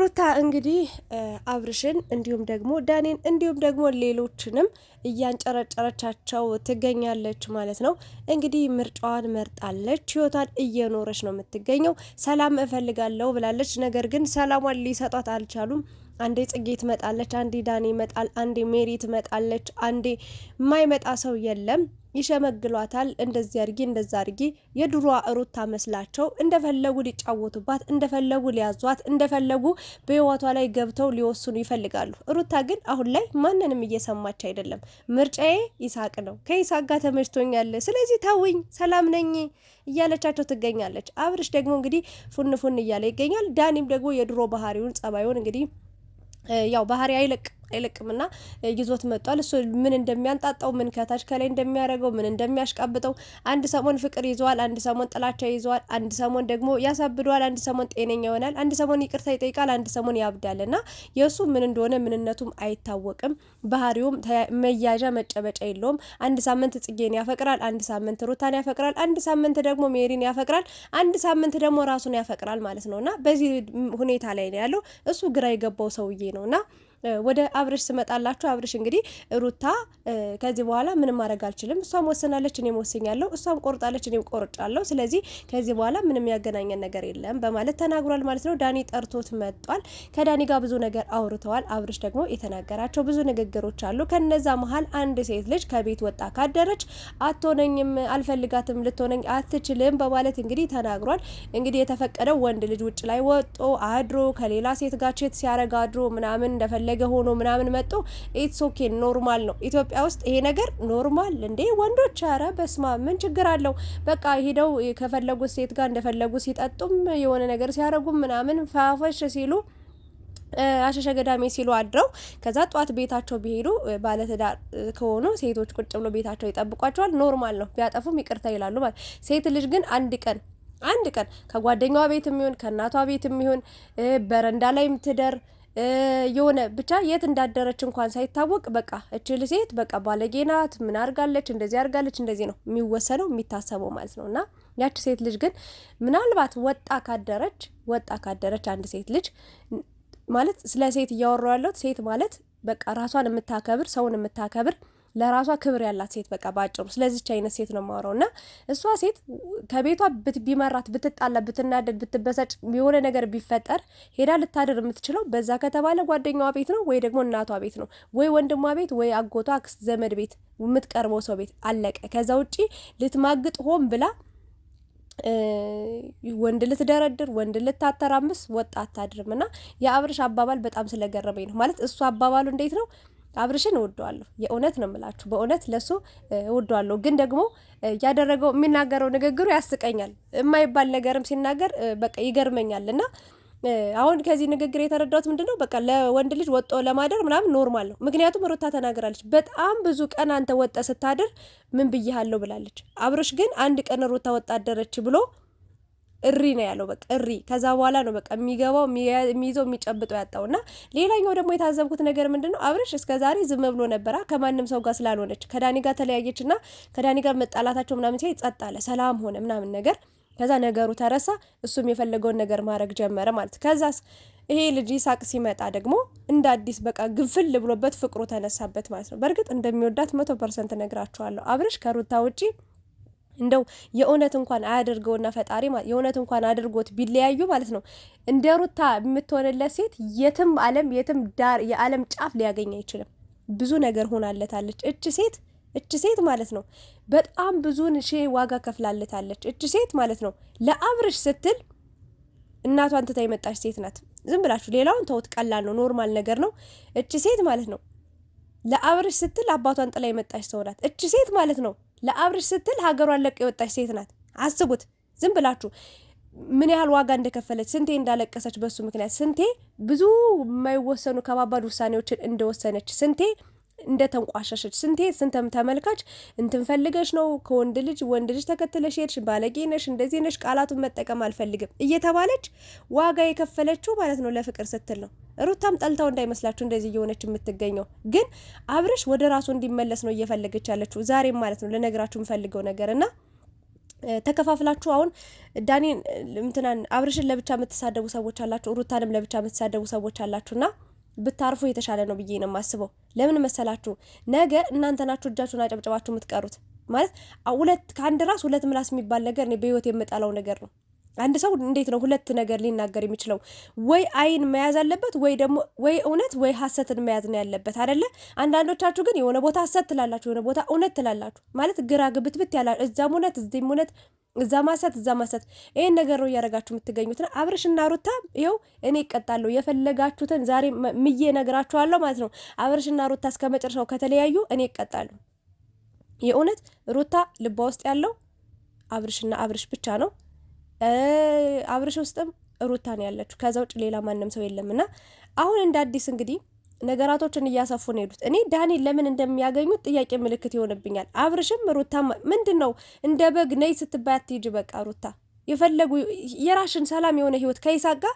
ሩታ እንግዲህ አብርሽን እንዲሁም ደግሞ ዳኔን እንዲሁም ደግሞ ሌሎችንም እያንጨረጨረቻቸው ትገኛለች ማለት ነው። እንግዲህ ምርጫዋን መርጣለች። ህይወቷን እየኖረች ነው የምትገኘው። ሰላም እፈልጋለሁ ብላለች። ነገር ግን ሰላሟን ሊሰጧት አልቻሉም። አንዴ ጽጌ ትመጣለች፣ አንዴ ዳኔ ይመጣል፣ አንዴ ሜሪ ትመጣለች፣ አንዴ የማይመጣ ሰው የለም። ይሸመግሏታል። እንደዚህ አርጊ፣ እንደዛ አርጊ። የድሯ ሩታ መስላቸው እንደፈለጉ ሊጫወቱባት፣ እንደፈለጉ ሊያዟት፣ እንደፈለጉ በህይወቷ ላይ ገብተው ሊወስኑ ይፈልጋሉ። ሩታ ግን አሁን ላይ ማንንም እየሰማች አይደለም። ምርጫዬ ይሳቅ ነው፣ ከይሳቅ ጋር ተመችቶኛል፣ ስለዚህ ታውኝ፣ ሰላም ነኝ እያለቻቸው ትገኛለች። አብርሽ ደግሞ እንግዲህ ፉን ፉን እያለ ይገኛል። ዳኒም ደግሞ የድሮ ባህሪውን ጸባዩን እንግዲህ jau ባህሪ አይልቅ አይለቅምና ይዞት መጥቷል። እሱ ምን እንደሚያንጣጣው ምን ከታች ከላይ እንደሚያደርገው ምን እንደሚያሽቃብጠው አንድ ሰሞን ፍቅር ይዘዋል፣ አንድ ሰሞን ጥላቻ ይዘዋል፣ አንድ ሰሞን ደግሞ ያሳብደዋል፣ አንድ ሰሞን ጤነኛ ይሆናል፣ አንድ ሰሞን ይቅርታ ይጠይቃል፣ አንድ ሰሞን ያብዳል። እና የእሱ ምን እንደሆነ ምንነቱም አይታወቅም። ባህሪውም መያዣ መጨበጫ የለውም። አንድ ሳምንት ጽጌን ያፈቅራል፣ አንድ ሳምንት ሩታን ያፈቅራል፣ አንድ ሳምንት ደግሞ ሜሪን ያፈቅራል፣ አንድ ሳምንት ደግሞ ራሱን ያፈቅራል ማለት ነው እና በዚህ ሁኔታ ላይ ያለው። እሱ ግራ የገባው ሰውዬ ነው እና ወደ አብርሽ ስመጣላችሁ አብርሽ እንግዲህ ሩታ ከዚህ በኋላ ምንም ማድረግ አልችልም፣ እሷም ወሰናለች እኔም ወስኛለሁ፣ እሷም ቆርጣለች፣ እኔም ቆርጫለሁ፣ ስለዚህ ከዚህ በኋላ ምንም ያገናኘን ነገር የለም በማለት ተናግሯል ማለት ነው። ዳኒ ጠርቶት መጥቷል። ከዳኒ ጋር ብዙ ነገር አውርተዋል። አብርሽ ደግሞ የተናገራቸው ብዙ ንግግሮች አሉ። ከነዛ መሀል አንድ ሴት ልጅ ከቤት ወጣ ካደረች አትሆነኝም፣ አልፈልጋትም፣ ልትሆነኝ አትችልም በማለት እንግዲህ ተናግሯል። እንግዲህ የተፈቀደው ወንድ ልጅ ውጭ ላይ ወጦ አድሮ ከሌላ ሴት ጋር ቼት ሲያረግ አድሮ ምናምን እንደፈለገ ነገ ሆኖ ምናምን መጦ ኢትስ ኦኬ ኖርማል ነው። ኢትዮጵያ ውስጥ ይሄ ነገር ኖርማል እንዴ? ወንዶች አረ በስማ ምን ችግር አለው? በቃ ሄደው ከፈለጉ ሴት ጋር እንደፈለጉ ሲጠጡም የሆነ ነገር ሲያደርጉም ምናምን ፋፈሽ ሲሉ አሸሸ ገዳሜ ሲሉ አድረው ከዛ ጠዋት ቤታቸው ቢሄዱ ባለትዳር ከሆኑ ሴቶች ቁጭ ብሎ ቤታቸው ይጠብቋቸዋል። ኖርማል ነው። ቢያጠፉም ይቅርታ ይላሉ ማለት። ሴት ልጅ ግን አንድ ቀን አንድ ቀን ከጓደኛዋ ቤት የሚሆን ከእናቷ ቤት የሚሆን በረንዳ ላይ ትደር የሆነ ብቻ የት እንዳደረች እንኳን ሳይታወቅ በቃ እችል ሴት በቃ ባለጌ ናት፣ ምን አርጋለች፣ እንደዚህ አርጋለች፣ እንደዚህ ነው የሚወሰነው የሚታሰበው ማለት ነው። እና ያች ሴት ልጅ ግን ምናልባት ወጣ ካደረች ወጣ ካደረች አንድ ሴት ልጅ ማለት ስለ ሴት እያወራሁ ያለሁት ሴት ማለት በቃ ራሷን የምታከብር ሰውን የምታከብር ለራሷ ክብር ያላት ሴት በቃ ባጭሩ ስለዚች አይነት ሴት ነው የማወራው። እና እሷ ሴት ከቤቷ ቢመራት፣ ብትጣላ፣ ብትናደድ፣ ብትበሳጭ፣ የሆነ ነገር ቢፈጠር ሄዳ ልታድር የምትችለው በዛ ከተባለ ጓደኛዋ ቤት ነው ወይ ደግሞ እናቷ ቤት ነው ወይ ወንድሟ ቤት ወይ አጎቷ፣ አክስት፣ ዘመድ ቤት የምትቀርበው ሰው ቤት አለቀ። ከዛ ውጪ ልትማግጥ ሆን ብላ ወንድ ልትደረድር ወንድ ልታተራምስ ወጣ አታድርም። እና የአብርሽ አባባል በጣም ስለገረመኝ ነው ማለት እሱ አባባሉ እንዴት ነው አብርሽን እወደዋለሁ። የእውነት ነው የምላችሁ፣ በእውነት ለሱ እወደዋለሁ። ግን ደግሞ ያደረገው የሚናገረው ንግግሩ ያስቀኛል። የማይባል ነገርም ሲናገር በቃ ይገርመኛል እና አሁን ከዚህ ንግግር የተረዳሁት ምንድን ነው፣ በቃ ለወንድ ልጅ ወጦ ለማደር ምናምን ኖርማል ነው። ምክንያቱም ሩታ ተናግራለች፣ በጣም ብዙ ቀን አንተ ወጠ ስታድር ምን ብያሃለሁ ብላለች። አብርሽ ግን አንድ ቀን ሩታ ወጣ አደረች ብሎ እሪ ነው ያለው። በቃ እሪ። ከዛ በኋላ ነው በቃ የሚገባው የሚይዘው የሚጨብጠው ያጣው። እና ሌላኛው ደግሞ የታዘብኩት ነገር ምንድን ነው አብርሽ እስከ ዛሬ ዝም ብሎ ነበራ ከማንም ሰው ጋር ስላልሆነች ከዳኒ ጋር ተለያየች እና ከዳኒ ጋር መጣላታቸው ምናምን ሲያይ ጸጥ አለ፣ ሰላም ሆነ ምናምን ነገር ከዛ ነገሩ ተረሳ። እሱም የፈለገውን ነገር ማድረግ ጀመረ ማለት ከዛስ ይሄ ልጅ ይሳቅ ሲመጣ ደግሞ እንደ አዲስ በቃ ግንፍል ብሎበት ፍቅሩ ተነሳበት ማለት ነው። በእርግጥ እንደሚወዳት መቶ ፐርሰንት ነግራችኋለሁ። አብርሽ ከሩታ ውጪ እንደው የእውነት እንኳን አያደርገውና ፈጣሪ የእውነት እንኳን አድርጎት ቢለያዩ ማለት ነው እንደ ሩታ የምትሆንለት ሴት የትም ዓለም የትም ዳር የዓለም ጫፍ ሊያገኝ አይችልም። ብዙ ነገር ሆናለታለች እች ሴት እች ሴት ማለት ነው በጣም ብዙን ሺ ዋጋ ከፍላለታለች። እች ሴት ማለት ነው ለአብርሽ ስትል እናቷን ትታ የመጣች ሴት ናት። ዝም ብላችሁ ሌላውን ተውት፣ ቀላል ነው፣ ኖርማል ነገር ነው። እች ሴት ማለት ነው ለአብርሽ ስትል አባቷን ጥላ የመጣች ሰው ናት። እች ሴት ማለት ነው ለአብርሽ ስትል ሀገሯን ለቅ የወጣች ሴት ናት። አስቡት ዝም ብላችሁ ምን ያህል ዋጋ እንደከፈለች፣ ስንቴ እንዳለቀሰች፣ በሱ ምክንያት ስንቴ ብዙ የማይወሰኑ ከባባድ ውሳኔዎችን እንደወሰነች፣ ስንቴ እንደ ተንቋሸሸች ስንቴ ስንተም ተመልካች እንትን ፈልገሽ ነው ከወንድ ልጅ ወንድ ልጅ ተከትለሽ ሄድሽ፣ ባለጌ ነሽ፣ እንደዚህ ነሽ፣ ቃላቱን መጠቀም አልፈልግም እየተባለች ዋጋ የከፈለችው ማለት ነው ለፍቅር ስትል ነው። ሩታም ጠልታው እንዳይመስላችሁ እንደዚህ እየሆነች የምትገኘው ግን አብርሽ ወደ ራሱ እንዲመለስ ነው እየፈለገች ያለችው ዛሬም ማለት ነው። ለነገራችሁ የምፈልገው ነገር እና ተከፋፍላችሁ አሁን ዳኒ ምትናን አብርሽን ለብቻ የምትሳደቡ ሰዎች አላችሁ፣ ሩታንም ለብቻ የምትሳደቡ ሰዎች አላችሁና ብታርፉ የተሻለ ነው ብዬ ነው የማስበው። ለምን መሰላችሁ? ነገ እናንተ ናችሁ እጃችሁን አጨብጨባችሁ የምትቀሩት። ማለት ሁለት ከአንድ ራስ ሁለት ምላስ የሚባል ነገር እኔ በህይወት የምጠላው ነገር ነው። አንድ ሰው እንዴት ነው ሁለት ነገር ሊናገር የሚችለው? ወይ አይን መያዝ አለበት ወይ ደግሞ ወይ እውነት ወይ ሀሰትን መያዝ ነው ያለበት አደለ? አንዳንዶቻችሁ ግን የሆነ ቦታ ሀሰት ትላላችሁ፣ የሆነ ቦታ እውነት ትላላችሁ። ማለት ግራ ግብትብት ያላ እዛም እውነት እዚህም እውነት እዛ ማሰት እዛ ማሰት ይህን ነገር ነው እያደረጋችሁ የምትገኙት። ና አብርሽና ሩታ ይኸው እኔ እቀጣለሁ፣ የፈለጋችሁትን ዛሬ ምዬ እነግራችኋለሁ ማለት ነው። አብርሽና ሩታ እስከ መጨረሻው ከተለያዩ እኔ እቀጣለሁ። የእውነት ሩታ ልቧ ውስጥ ያለው አብርሽና አብርሽ ብቻ ነው። አብርሽ ውስጥም ሩታ ነው ያለችው። ከዛ ውጭ ሌላ ማንም ሰው የለም። እና አሁን እንደ አዲስ እንግዲህ ነገራቶችን እያሰፉ ነው ሄዱት። እኔ ዳኒ ለምን እንደሚያገኙት ጥያቄ ምልክት ይሆንብኛል። አብርሽም ሩታ ምንድን ነው እንደ በግ ነይ ስትባይ አትሂጂ። በቃ ሩታ የፈለጉ የራሽን ሰላም የሆነ ህይወት ከይሳቅ ጋር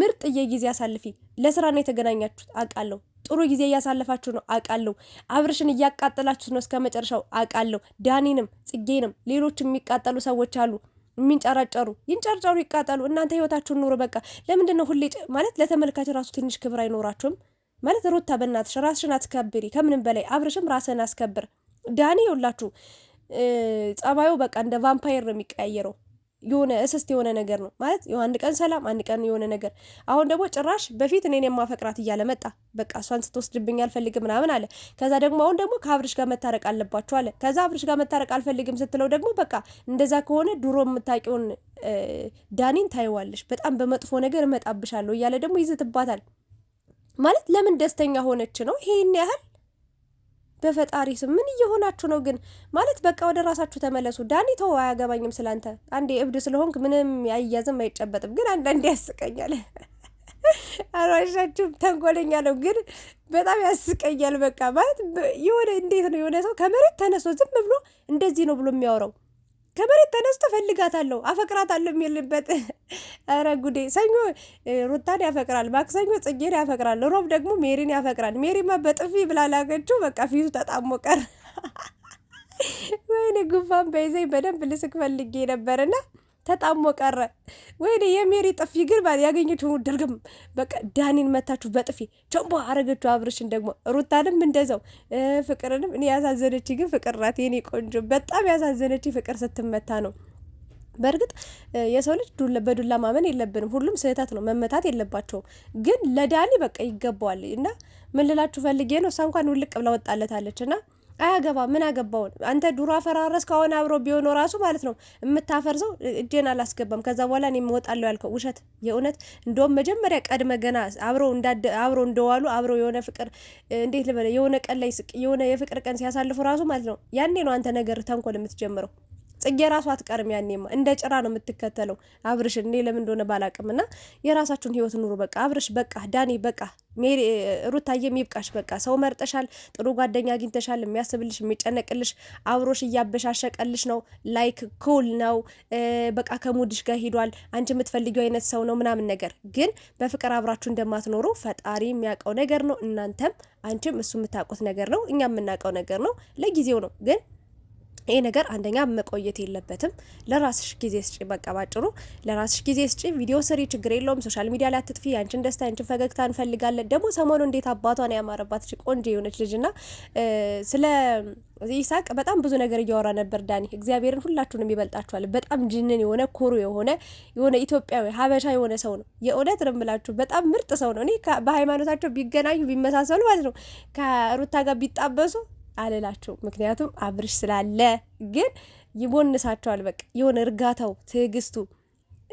ምርጥ የጊዜ አሳልፊ። ለስራ ነው የተገናኛችሁት አውቃለሁ። ጥሩ ጊዜ እያሳለፋችሁ ነው አውቃለሁ። አብርሽን እያቃጠላችሁ ነው እስከ መጨረሻው አውቃለሁ። ዳኒንም ጽጌንም ሌሎች የሚቃጠሉ ሰዎች አሉ። የሚንጨራጨሩ ይንጨርጨሩ፣ ይቃጠሉ። እናንተ ህይወታችሁን ኑሮ በቃ ለምንድን ነው ሁሌ ማለት ለተመልካች ራሱ ትንሽ ክብር አይኖራችሁም? ማለት ሩታ በእናትሽ ራስሽን አስከብሪ፣ ከምንም በላይ አብርሽም ራስን አስከብር። ዳኒ የውላችሁ ጸባዩ በቃ እንደ ቫምፓየር ነው የሚቀያየረው። የሆነ እስስት የሆነ ነገር ነው ማለት አንድ ቀን ሰላም፣ አንድ ቀን የሆነ ነገር። አሁን ደግሞ ጭራሽ በፊት እኔን የማፈቅራት እያለ መጣ። በቃ እሷን ስትወስድብኝ አልፈልግም ምናምን አለ። ከዛ ደግሞ አሁን ደግሞ ከአብርሽ ጋር መታረቅ አለባቸው አለ። ከዛ አብርሽ ጋር መታረቅ አልፈልግም ስትለው ደግሞ በቃ እንደዛ ከሆነ ድሮ የምታውቂውን ዳኒን ታይዋለሽ፣ በጣም በመጥፎ ነገር እመጣብሻለሁ እያለ ደግሞ ይዝትባታል። ማለት ለምን ደስተኛ ሆነች ነው ይሄን ያህል በፈጣሪ ስም ምን እየሆናችሁ ነው ግን? ማለት በቃ ወደ ራሳችሁ ተመለሱ። ዳኒ ተው፣ አያገባኝም ስላንተ። አንዴ እብድ ስለሆንክ ምንም አይያዝም አይጨበጥም። ግን አንዳንዴ ያስቀኛል። አልዋሻችሁም፣ ተንኮለኛ ነው ግን በጣም ያስቀኛል። በቃ ማለት የሆነ እንዴት ነው የሆነ ሰው ከመሬት ተነስቶ ዝም ብሎ እንደዚህ ነው ብሎ የሚያወራው ከመሬት ተነስቶ ፈልጋታለሁ አፈቅራታለሁ የሚልበት። ኧረ ጉዴ! ሰኞ ሩታን ያፈቅራል፣ ማክሰኞ ጽጌን ያፈቅራል፣ ሮብ ደግሞ ሜሪን ያፈቅራል። ሜሪማ በጥፊ ብላ ላገችው፣ በቃ ፊቱ ተጣሞ ቀር። ወይኔ ጉንፋን በይዘኝ በደንብ ልስክ ፈልጌ ነበርና ተጣሞ ቀረ። ወይኔ የሜሪ ጥፊ ግን ባል ያገኘችውን ድርግም በቃ ዳኒን መታችሁ በጥፊ ቸንቦ አረገችው። አብርሽን ደግሞ ሩታንም እንደዛው ፍቅርንም እኔ ያሳዘነች ግን ፍቅር ናት። የኔ ቆንጆ በጣም ያሳዘነች ፍቅር ስትመታ ነው። በእርግጥ የሰው ልጅ በዱላ ማመን የለብንም። ሁሉም ስህተት ነው፣ መመታት የለባቸውም። ግን ለዳኒ በቃ ይገባዋል። እና ምን ልላችሁ ፈልጌ ነው እሷ እንኳን ውልቅ ብላ ወጣለታለች እና አያገባ ምን አገባውን አንተ ዱሮ አፈራረስ ከሆነ አብሮ ቢሆን ራሱ ማለት ነው የምታፈርሰው። እጄን አላስገባም ከዛ በኋላ እኔ የምወጣለሁ ያልከው ውሸት የእውነት እንደውም መጀመሪያ ቀድመ ገና አብሮ አብሮ እንደዋሉ አብሮ የሆነ ፍቅር እንዴት ልበለ የሆነ ቀን ላይ የሆነ የፍቅር ቀን ሲያሳልፉ ራሱ ማለት ነው ያኔ ነው አንተ ነገር ተንኮል የምትጀምረው። ጽጌ ራሷ አትቀርም። ያኔማ እንደ ጭራ ነው የምትከተለው አብርሽ። እኔ ለምን እንደሆነ ባላቅም ና የራሳችሁን ህይወት ኑሩ። በቃ አብርሽ፣ በቃ ዳኒ፣ በቃ ሩታዬም ይብቃሽ። በቃ ሰው መርጠሻል፣ ጥሩ ጓደኛ አግኝተሻል፣ የሚያስብልሽ የሚጨነቅልሽ፣ አብሮሽ እያበሻሸቀልሽ ነው። ላይክ ኩል ነው በቃ ከሙድሽ ጋር ሂዷል። አንቺ የምትፈልጊው አይነት ሰው ነው ምናምን ነገር ግን በፍቅር አብራችሁ እንደማትኖሩ ፈጣሪ የሚያውቀው ነገር ነው። እናንተም አንቺም እሱ የምታውቁት ነገር ነው። እኛ የምናውቀው ነገር ነው። ለጊዜው ነው ግን ይሄ ነገር አንደኛ መቆየት የለበትም። ለራስሽ ጊዜ ስጪ። በቃ ባጭሩ ለራስሽ ጊዜ ስጪ። ቪዲዮ ስሪ፣ ችግር የለውም። ሶሻል ሚዲያ ላይ አትጥፊ። ያንቺን ደስታ፣ ያንቺን ፈገግታ እንፈልጋለን። ደግሞ ሰሞኑ እንዴት ነው ያማረባት ቆንጆ የሆነች ልጅ ና ስለ ይሳቅ በጣም ብዙ ነገር እያወራ ነበር ዳኒ። እግዚአብሔርን ሁላችሁንም ይበልጣችኋል። በጣም ጅንን የሆነ ኩሩ የሆነ የሆነ ኢትዮጵያዊ ሀበሻ የሆነ ሰው ነው። የእውነት ነው የምላችሁ በጣም ምርጥ ሰው ነው። እኔ በሃይማኖታቸው ቢገናኙ ቢመሳሰሉ ማለት ነው ከሩታ ጋር ቢጣበሱ አልላቸው ምክንያቱም አብርሽ ስላለ ግን ይቦንሳቸዋል። በቃ የሆነ እርጋታው፣ ትዕግስቱ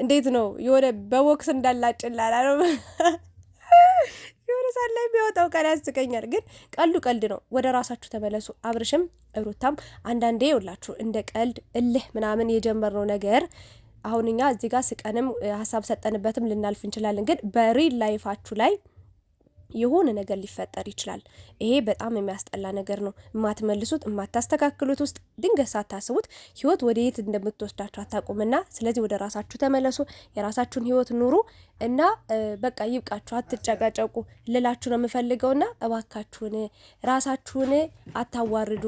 እንዴት ነው የሆነ በቦክስ እንዳላጭላላ ነው የሆነ ሰዓት ላይ የሚወጣው ቃል ያስቀኛል። ግን ቀሉ ቀልድ ነው። ወደ ራሳችሁ ተመለሱ። አብርሽም ሩታም አንዳንዴ ይውላችሁ እንደ ቀልድ እልህ ምናምን የጀመርነው ነገር አሁን እኛ እዚህ ጋር ስቀንም ሀሳብ ሰጠንበትም ልናልፍ እንችላለን። ግን በሪል ላይፋችሁ ላይ የሆነ ነገር ሊፈጠር ይችላል። ይሄ በጣም የሚያስጠላ ነገር ነው። የማትመልሱት የማታስተካክሉት ውስጥ ድንገት ሳታስቡት ህይወት ወደ የት እንደምትወስዳችሁ አታውቁምና፣ ስለዚህ ወደ ራሳችሁ ተመለሱ፣ የራሳችሁን ህይወት ኑሩ እና በቃ ይብቃችሁ፣ አትጨቃጨቁ ልላችሁ ነው የምፈልገውና እባካችሁን ራሳችሁን አታዋርዱ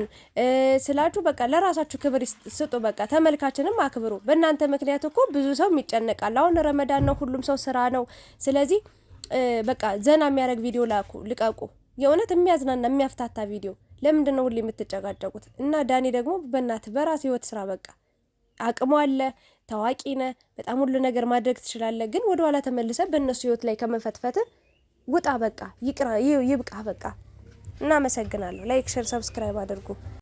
ስላችሁ በቃ ለራሳችሁ ክብር ስጡ። በቃ ተመልካችንም አክብሩ። በእናንተ ምክንያት እኮ ብዙ ሰው ይጨነቃል። አሁን ረመዳን ነው፣ ሁሉም ሰው ስራ ነው። ስለዚህ በቃ ዘና የሚያደርግ ቪዲዮ ላኩ ልቀቁ። የእውነት የሚያዝናና የሚያፍታታ ቪዲዮ። ለምንድን ነው ሁሌ የምትጨቃጨቁት? እና ዳኒ ደግሞ በእናት በራስ ህይወት ስራ በቃ አቅሙ አለ፣ ታዋቂ ነ፣ በጣም ሁሉ ነገር ማድረግ ትችላለ ግን ወደኋላ ተመልሰ በእነሱ ህይወት ላይ ከመፈትፈት ውጣ። በቃ ይቅራ፣ ይብቃ። በቃ እናመሰግናለሁ። ላይክ፣ ሸር፣ ሰብስክራይብ አድርጉ።